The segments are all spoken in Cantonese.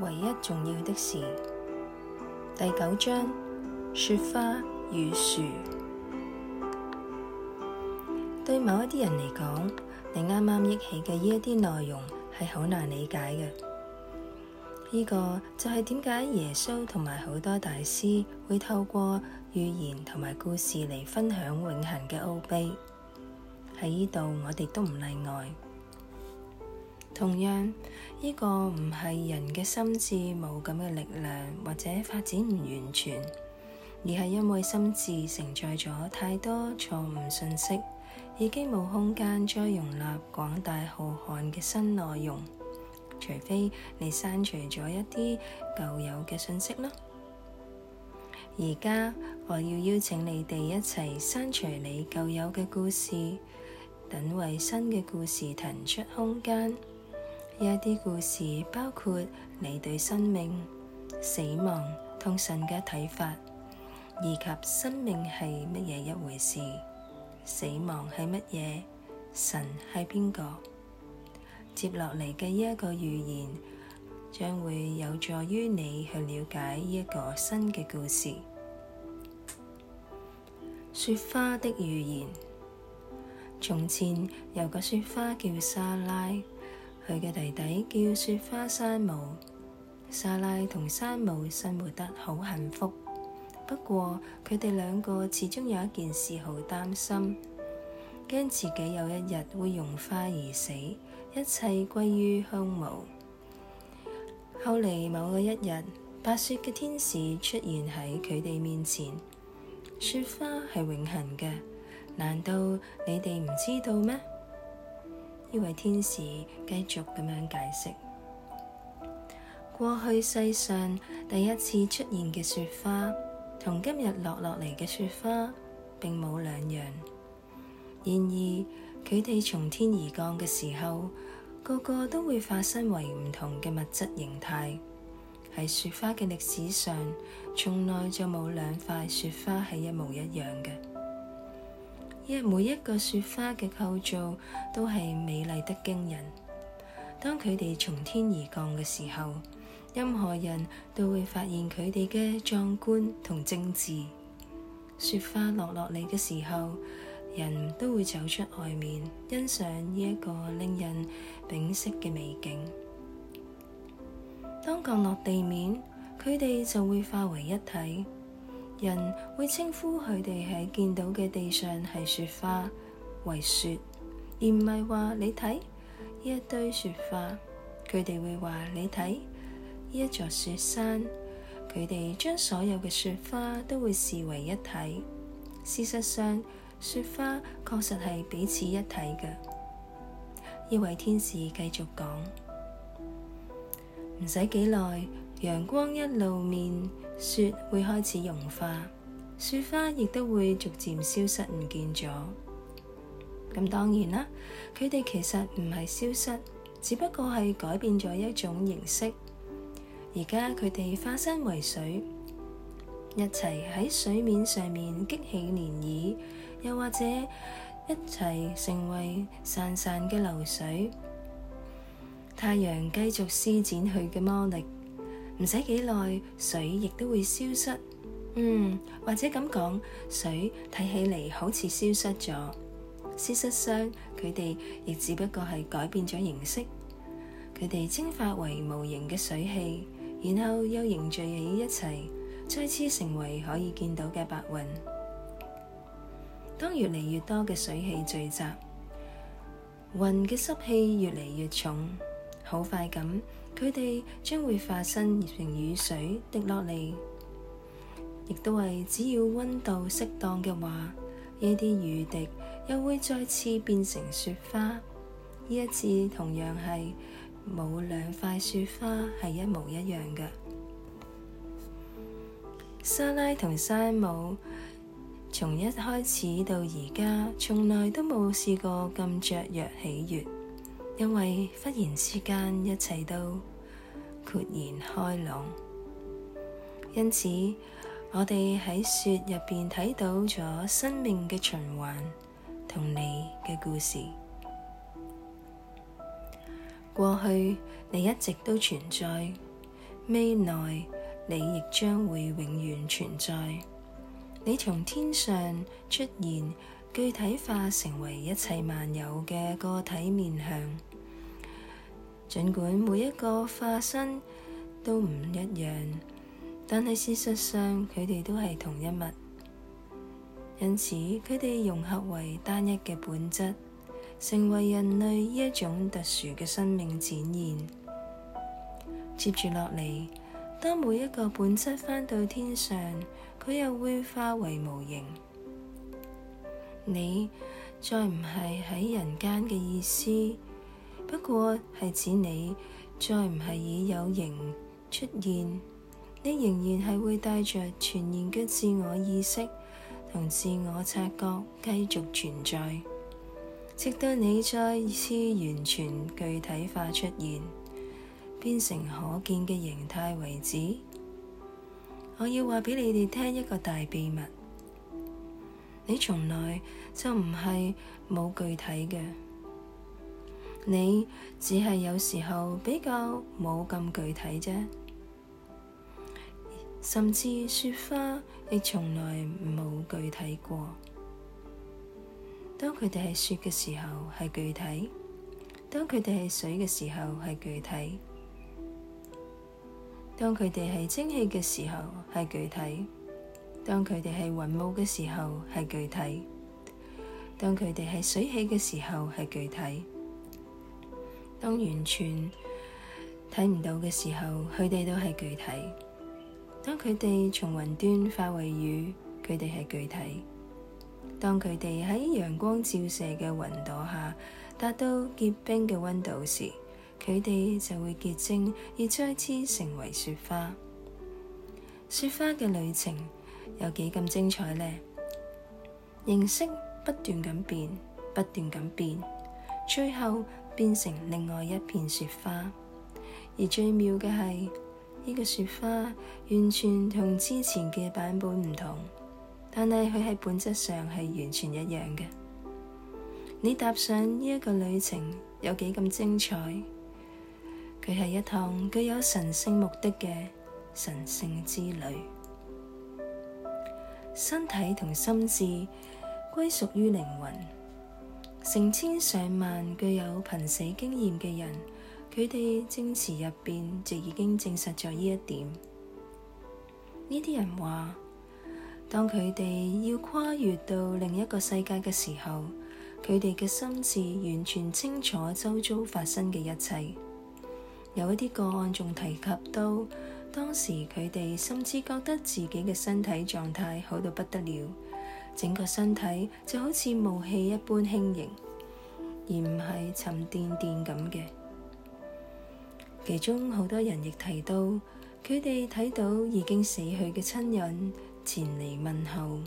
唯一重要的事。第九章：雪花與樹。對某一啲人嚟講，你啱啱憶起嘅依一啲內容係好難理解嘅。依、這個就係點解耶穌同埋好多大師會透過寓言同埋故事嚟分享永恒嘅奧秘。喺依度，我哋都唔例外。同樣，呢個唔係人嘅心智冇咁嘅力量，或者發展唔完全，而係因為心智承載咗太多錯誤信息，已經冇空間再容納廣大浩瀚嘅新內容，除非你刪除咗一啲舊有嘅信息咯。而家我要邀請你哋一齊刪除你舊有嘅故事，等為新嘅故事騰出空間。一啲故事包括你對生命、死亡同神嘅睇法，以及生命係乜嘢一回事，死亡係乜嘢，神係邊個。接落嚟嘅呢一個寓言，將會有助於你去了解呢一個新嘅故事——雪花的寓言。從前有個雪花叫莎拉。佢嘅弟弟叫雪花山姆，莎拉同山姆生活得好幸福。不過佢哋兩個始終有一件事好擔心，驚自己有一日會融化而死，一切歸於空無。後嚟某個一日，白雪嘅天使出現喺佢哋面前。雪花係永恆嘅，難道你哋唔知道咩？呢位天使繼續咁樣解釋：過去世上第一次出現嘅雪花，同今日落落嚟嘅雪花，並冇兩樣。然而，佢哋從天而降嘅時候，個個都會化身為唔同嘅物質形態。喺雪花嘅歷史上，從來就冇兩塊雪花係一模一樣嘅。因為每一個雪花嘅構造都係美麗得驚人。當佢哋從天而降嘅時候，任何人都會發現佢哋嘅壯觀同精緻。雪花落落嚟嘅時候，人都會走出外面欣賞呢一個令人屏息嘅美景。當降落地面，佢哋就會化為一體。人會稱呼佢哋喺見到嘅地上係雪花為雪，而唔係話你睇一堆雪花，佢哋會話你睇呢一座雪山，佢哋將所有嘅雪花都會視為一體。事實上，雪花確實係彼此一體嘅。呢位天使繼續講，唔使幾耐，陽光一露面，雪會開始融化，雪花亦都會逐漸消失唔見咗。咁當然啦，佢哋其實唔係消失，只不過係改變咗一種形式。而家佢哋化身為水，一齊喺水面上面激起漣漪，又或者一齊成為潺潺嘅流水。太陽繼續施展佢嘅魔力。唔使幾耐，水亦都會消失。嗯，或者咁講，水睇起嚟好似消失咗，事實上佢哋亦只不過係改變咗形式。佢哋蒸發為無形嘅水氣，然後又凝聚起一齊，再次成為可以見到嘅白雲。當越嚟越多嘅水氣聚集，雲嘅濕氣越嚟越重，好快咁。佢哋將會化身成雨水滴落嚟，亦都係只要溫度適當嘅話，呢啲雨滴又會再次變成雪花。呢一次同樣係冇兩塊雪花係一模一樣嘅。莎拉同山姆從一開始到而家，從來都冇試過咁雀躍喜悅。因為忽然之間一切都豁然開朗，因此我哋喺雪入邊睇到咗生命嘅循環同你嘅故事。過去你一直都存在，未來你亦將會永遠存在。你從天上出現，具體化成為一切萬有嘅個體面向。儘管每一個化身都唔一樣，但係事實上佢哋都係同一物，因此佢哋融合為單一嘅本質，成為人類一種特殊嘅生命展現。接住落嚟，當每一個本質返到天上，佢又會化為無形。你再唔係喺人間嘅意思。不過係指你再唔係以有形出現，你仍然係會帶着全然嘅自我意識同自我察覺繼續存在，直到你再次完全具體化出現，變成可見嘅形態為止。我要話畀你哋聽一個大秘密：你從來就唔係冇具體嘅。你只係有時候比較冇咁具體啫，甚至雪花亦從來冇具體過。當佢哋係雪嘅時候係具體，當佢哋係水嘅時候係具體，當佢哋係蒸氣嘅時候係具體，當佢哋係雲霧嘅時候係具體，當佢哋係水汽嘅時候係具體。當完全睇唔到嘅時候，佢哋都係具體；當佢哋從雲端化為雨，佢哋係具體；當佢哋喺陽光照射嘅雲朵下達到結冰嘅溫度時，佢哋就會結晶，而再次成為雪花。雪花嘅旅程有幾咁精彩呢？形式不斷咁變，不斷咁變，最後，變成另外一片雪花，而最妙嘅係，呢個雪花完全同之前嘅版本唔同，但係佢喺本質上係完全一樣嘅。你踏上呢一個旅程，有幾咁精彩？佢係一趟具有神聖目的嘅神聖之旅。身體同心智，歸屬於靈魂。成千上萬具有瀕死經驗嘅人，佢哋證詞入邊就已經證實咗呢一點。呢啲人話，當佢哋要跨越到另一個世界嘅時候，佢哋嘅心智完全清楚周遭發生嘅一切。有一啲個案仲提及到，當時佢哋甚至覺得自己嘅身體狀態好到不得了。整個身體就好似霧氣一般輕盈，而唔係沉甸甸咁嘅。其中好多人亦提到，佢哋睇到已經死去嘅親人前嚟問候，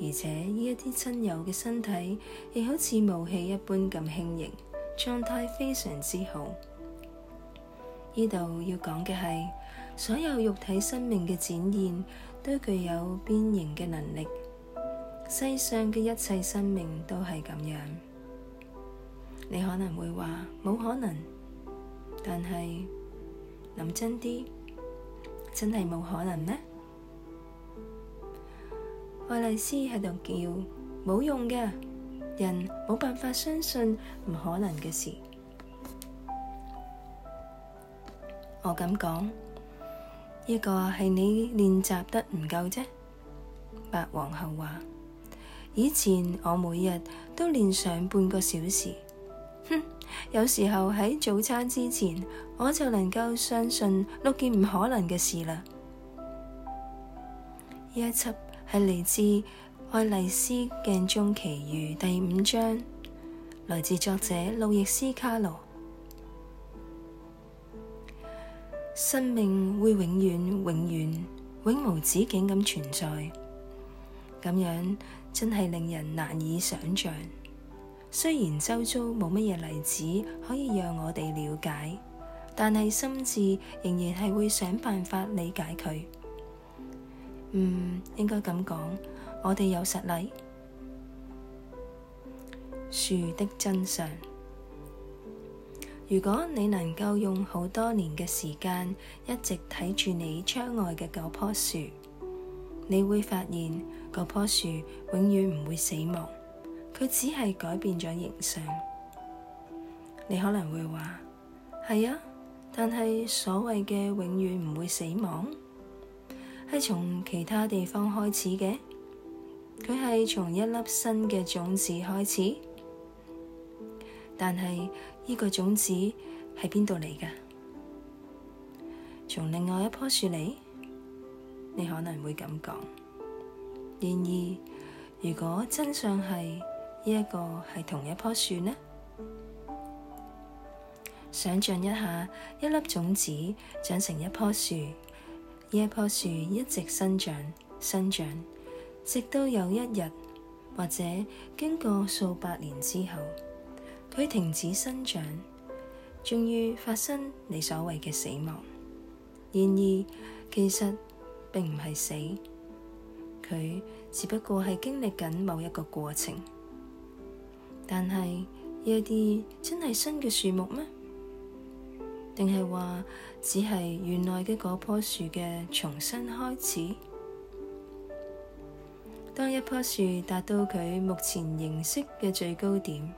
而且呢一啲親友嘅身體亦好似霧氣一般咁輕盈，狀態非常之好。呢度要講嘅係，所有肉體生命嘅展現都具有變形嘅能力。世上嘅一切生命都係咁樣，你可能會話冇可能，但係諗真啲，真係冇可能咩？愛麗絲喺度叫冇用嘅，人冇辦法相信唔可能嘅事。我咁講，呢個係你練習得唔夠啫。白皇后話。以前我每日都練上半個小時，哼，有時候喺早餐之前，我就能夠相信六件唔可能嘅事啦。呢一輯係嚟自《愛麗絲鏡中奇遇》第五章，來自作者路易斯卡羅。生命會永遠、永遠、永無止境咁存在，咁樣。真係令人難以想象。雖然周遭冇乜嘢例子可以讓我哋了解，但係心智仍然係會想辦法理解佢。嗯，應該咁講，我哋有實例。樹的真相。如果你能夠用好多年嘅時間一直睇住你窗外嘅九棵樹，你會發現。嗰棵樹永遠唔會死亡，佢只係改變咗形象。你可能會話係啊，但係所謂嘅永遠唔會死亡，係從其他地方開始嘅。佢係從一粒新嘅種子開始，但係呢個種子係邊度嚟㗎？從另外一棵樹嚟？你可能會咁講。然而，如果真相係呢一個係同一棵樹呢？想象一下，一粒種子長成一棵樹，呢棵樹一直生長、生長，直到有一日，或者經過數百年之後，佢停止生長，終於發生你所謂嘅死亡。然而，其實並唔係死。佢只不過係經歷緊某一個過程，但係有啲真係新嘅樹木咩？定係話只係原來嘅嗰棵樹嘅重新開始？當一棵樹達到佢目前形式嘅最高點，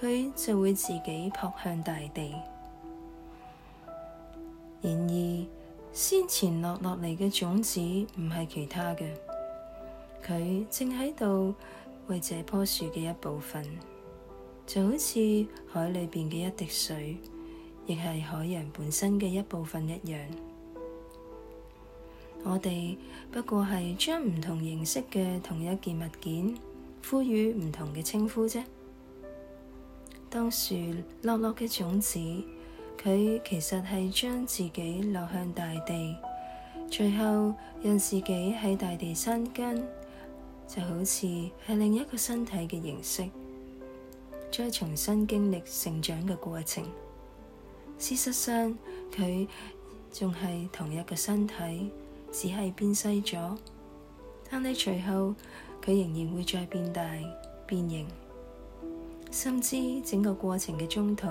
佢就會自己撲向大地。然而，先前落落嚟嘅種子唔係其他嘅。佢正喺度為這棵樹嘅一部分，就好似海裏邊嘅一滴水，亦係海洋本身嘅一部分一樣。我哋不過係將唔同形式嘅同一件物件，賦予唔同嘅稱呼啫。當樹落落嘅種子，佢其實係將自己落向大地，最後讓自己喺大地生根。就好似係另一個身體嘅形式，再重新經歷成長嘅過程。事實上，佢仲係同一個身體，只係變細咗。但你隨後，佢仍然會再變大、變形。甚至整個過程嘅中途，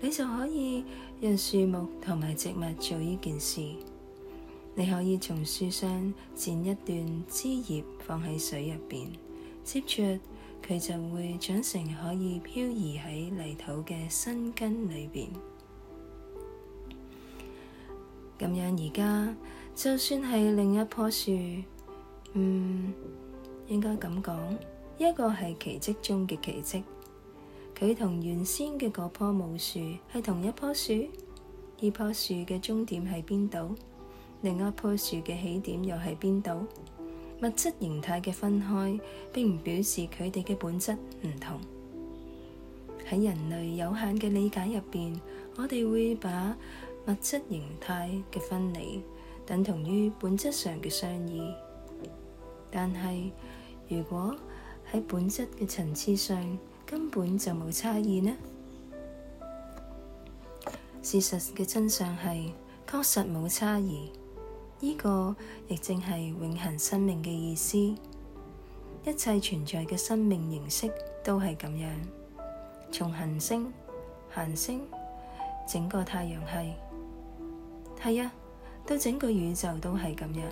你就可以讓樹木同埋植物做呢件事。你可以從樹上剪一段枝葉放喺水入邊，接住，佢就會長成可以漂移喺泥土嘅新根裏邊。咁樣而家就算係另一棵樹，嗯，應該咁講，一個係奇蹟中嘅奇蹟。佢同原先嘅嗰棵母樹係同一棵樹，呢棵樹嘅終點喺邊度？另一棵樹嘅起點又喺邊度？物質形態嘅分開，並唔表示佢哋嘅本質唔同。喺人類有限嘅理解入邊，我哋會把物質形態嘅分離等同於本質上嘅相異。但係，如果喺本質嘅層次上根本就冇差異呢？事實嘅真相係，確實冇差異。呢個亦正係永恒生命嘅意思，一切存在嘅生命形式都係咁樣，從恆星、行星、整個太陽系，係啊，到整個宇宙都係咁樣，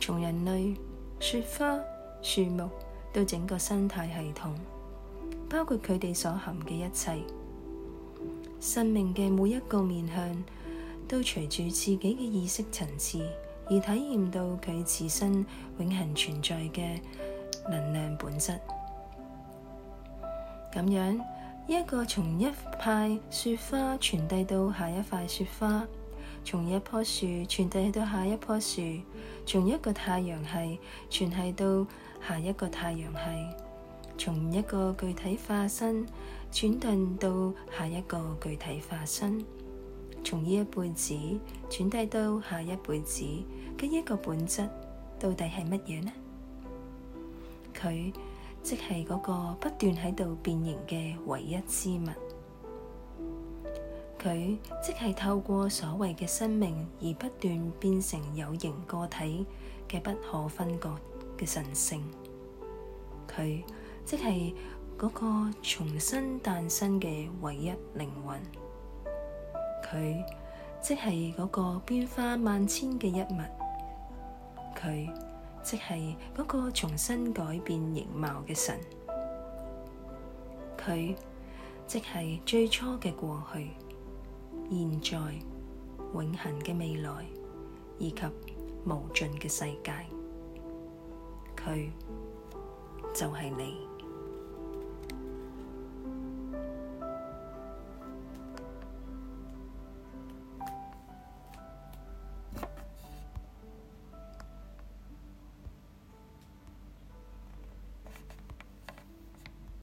從人類、雪花、樹木到整個生態系統，包括佢哋所含嘅一切，生命嘅每一個面向。都隨住自己嘅意識層次而體驗到佢自身永恒存在嘅能量本質。咁樣，一個從一派雪花傳遞到下一塊雪花，從一棵樹傳遞到下一棵樹，從一個太陽系傳遞到下一個太陽系，從一個具體化身轉頓到下一個具體化身。從呢一輩子轉低到下一輩子嘅一個本質到底係乜嘢呢？佢即係嗰個不斷喺度變形嘅唯一之物，佢即係透過所謂嘅生命而不斷變成有形個體嘅不可分割嘅神性，佢即係嗰個重新誕生嘅唯一靈魂。佢即係嗰個變化萬千嘅一物，佢即係嗰個重新改變形貌嘅神，佢即係最初嘅過去、現在、永恒嘅未來以及無盡嘅世界，佢就係你。